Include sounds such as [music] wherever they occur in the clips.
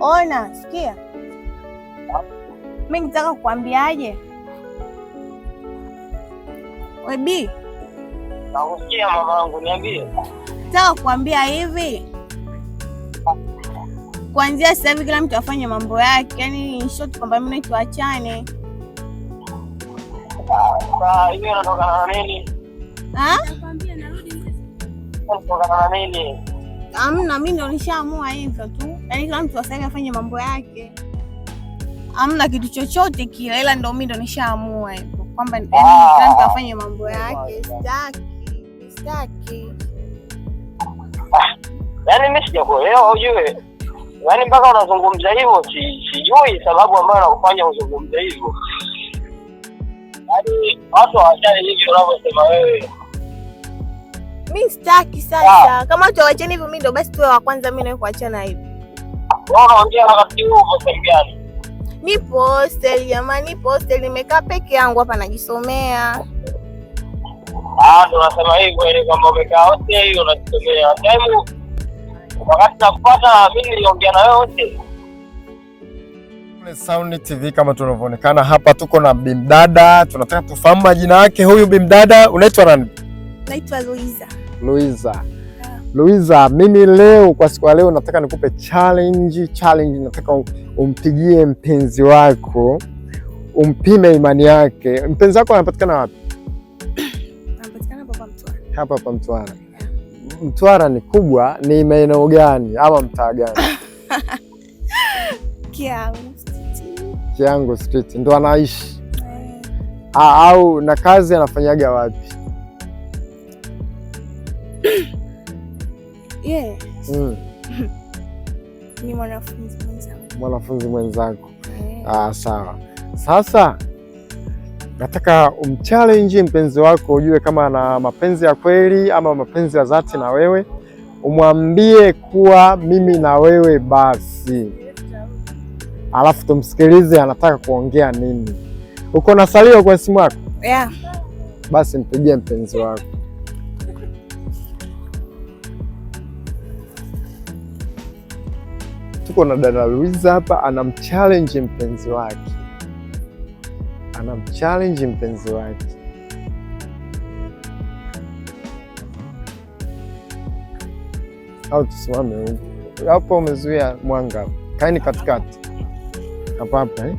Ona, sikia, mi nitaka kukwambiaje? Webi, nakusikia mamangu, niambie. Nataka kukuambia hivi, kuanzia sasa hivi kila mtu afanye mambo yake, yaani in short kwamba mimi tuachane. Sasa ah, hiyo inatokana na nini? Ah? Nakwambia narudi. Inatokana na nini? Amna, mi ndo nishaamua hivyo tu, yaani kila mtu asaini afanye mambo yake, amna kitu chochote kile, ila ndo mi ndo nishaamua hivyo kwamba yaani kila mtu afanye mambo oh yake. Sitaki, sitaki ah, yaani mi sijakuelewa, ujue yaani mpaka unazungumza hivyo, sijui sababu ambayo nakufanya uzungumza hivyo, yaani watu hawajali hivyo unavyosema wewe mi sitaki sasa, Yeah. kama tuwacheni hivyo, mi ndo basi tuwe wa kwanza, mi nawe kuachana hivi. Unaongea na rafiki yako sehemu gani? Nipo hostel jamani, nipo hostel, nimekaa peke yangu hapa najisomea. Ah, ndo nasema hivyo ile kwamba umekaa hostel hiyo unajisomea. Taimu wakati nakupata mimi niliongea na wewe hostel. Sound TV kama tunavyoonekana hapa, tuko na bimdada, tunataka tufahamu majina yake. Huyu bimdada unaitwa nani? Naitwa Luiza. Luiza. Luiza, mimi leo kwa siku ya leo nataka nikupe challenge. Challenge nataka umpigie mpenzi wako, umpime imani yake. Mpenzi wako anapatikana wapi? Anapatikana hapa Mtwara. Hapa hapa Mtwara. Mtwara ni kubwa, ni maeneo gani ama mtaa gani? [laughs] Kiangu Street ndo anaishi eh. au na kazi anafanyaga wapi? Yes. Mm. [laughs] Ni mwanafunzi mwenzangu. Mwanafunzi eh. Ah, sawa. Sasa nataka umchallenge mpenzi wako ujue kama ana mapenzi ya kweli ama mapenzi ya dhati na wewe. Umwambie kuwa mimi na wewe basi, alafu tumsikilize anataka kuongea nini. Uko na salio kwa simu yako? Yeah. Basi mpigie mpenzi wako. tuko na dada Luiza hapa, anamchallenge mpenzi wake, anamchallenge mpenzi wake au tusimame huko hapo, umezuia mwanga. kaini katikati hapa hapa eh.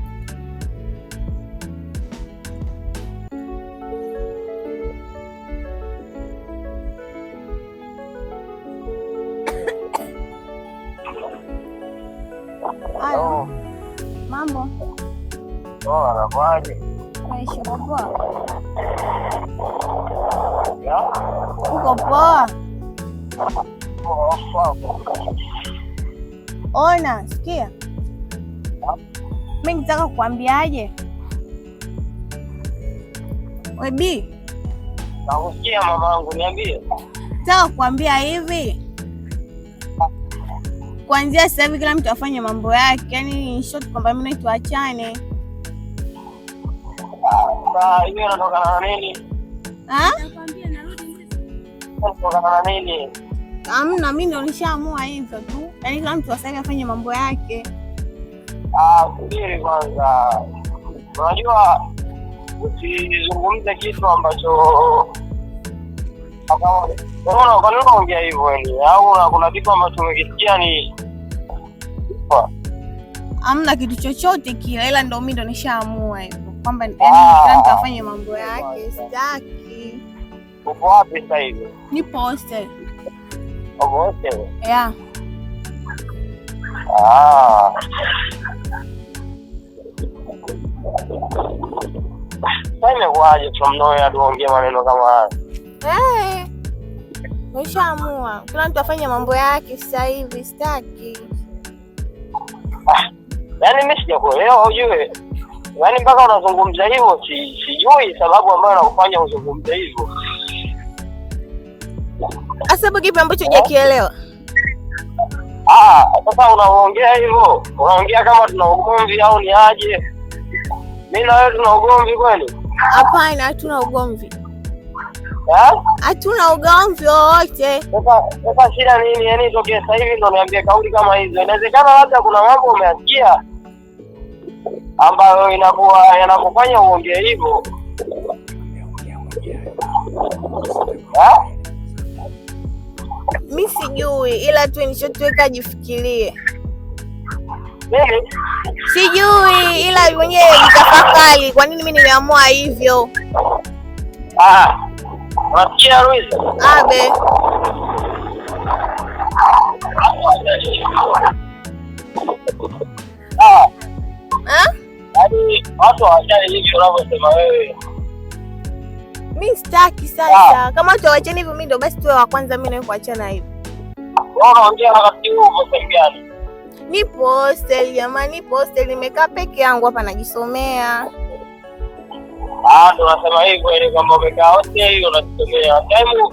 Halo. Oh. Mambo. Oh, poa, nakwaje? Naishi poa. Uko oh, poa? Ona, sikia. Mimi nitaka kukwambiaje? Webi. Nakusikia mamangu, niambie. Nataka hivi kuanzia sasa hivi kila mtu afanye mambo yake, yani in short kwamba mimi tuachane. Amna, mimi ndo nishaamua hivyo tu, yani kila mtu sasa hivi afanye mambo yake. Ah, subiri kwanza, unajua usizungumze kitu ambacho kwa unaongea hivyo Au kuna kitu ambacho ni kitu chochote kile, ila ndo mi ndo nishaamua hivo kwamba nitafanya ah. mambo yake. Sitaki. Uko wapi sasa hivi? Nipo hostel. Uko hostel? Yeah. Ah. Sasa imekuwaje maneno kama haya? Nishaamua kila mtu afanye mambo yake sasa hivi, sitaki. Yaani mimi sijakuelewa ujue, yaani mpaka unazungumza hivyo, sijui sababu ambayo nakufanya uzungumze hivyo. asabu kipi ambacho hujakielewa? Ah, sasa unaongea hivyo, unaongea kama tuna ugomvi au ni aje? Mimi na wewe tuna ugomvi kweli? Hapana, hatuna ugomvi hatuna ugomvi wowote. Sasa shida nini? Yani tokea sasa hivi ndo niambie kauli kama hizo. Inawezekana labda kuna mambo umeasikia ambayo inakuwa yanakufanya uongee hivyo. Mi sijui, ila tu nilichotuweka jifikirie. Sijui ila mwenyewe nitafakari, kwa nini mi nimeamua hivyo. Ah. Unasikia Luiza? Abe. Eh? Yaani, watu hawajali hivi unavyosema wewe. Mi sitaki sasa. Ah. Kama watu hawachani hivyo, mi ndo basi tuwe wa kwanza, mi nawe kuachana hivyo. Yaani? Nipo hostel jamani, nipo hostel nimekaa peke yangu hapa najisomea. Ah, ndo nasema hivyo ni kwamba umekaa wote hiyo unatumia time.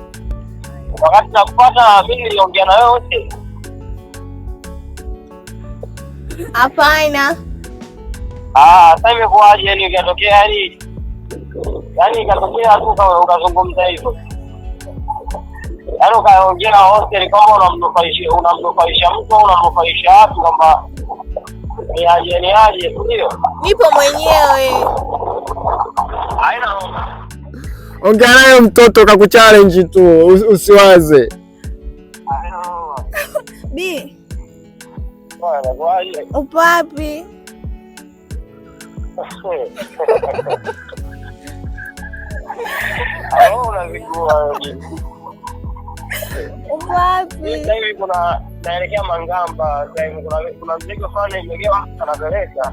Wakati nakupata mimi niliongea na wewe wote. Hapana. Ah, sasa imekuwaje yani ikatokea yani? Yaani ikatokea tu kama ukazungumza hivyo. Yaani ukaongea na wote kama unamnufaisha unamnufaisha mtu au unamnufaisha watu kwamba ni aje ni aje, ndio? Nipo mwenyewe. Ongea naye mtoto kakuchallenge tu, usiwaze. Bi, upo wapi? Upo wapi? Naelekea Mangamba, kuna mzigo fulani nimepeleka.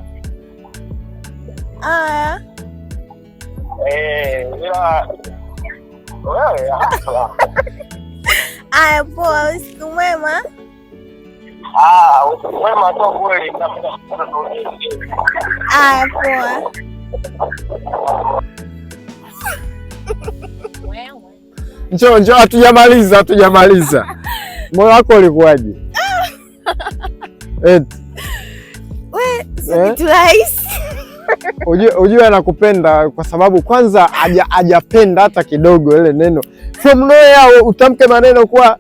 Aya. Aya, poa. Usiku mwema. Ah, tu Aya, poa. Njoo, njoo, hatujamaliza, hatujamaliza. Moyo wako ulikuwaje? [laughs] Eti. Eh? We, si kitu rahisi ujue, anakupenda kwa sababu kwanza hajapenda hata kidogo ile neno from nowhere utamke maneno kuwa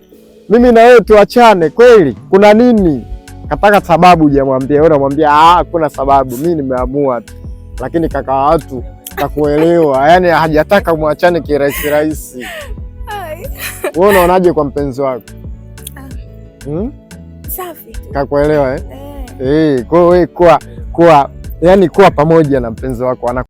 mimi na wewe tuachane, kweli kuna nini? Kataka sababu hujamwambia wewe, unamwambia ah, kuna sababu, mimi nimeamua tu, lakini kaka watu kakuelewa, yani hajataka mwachane kirahisi rahisi. Wewe unaonaje kwa mpenzi wako? Ah. hmm? Safi, kakuelewa eh? eh? Eh, kwa kwa kwa yani kuwa pamoja na mpenzi wako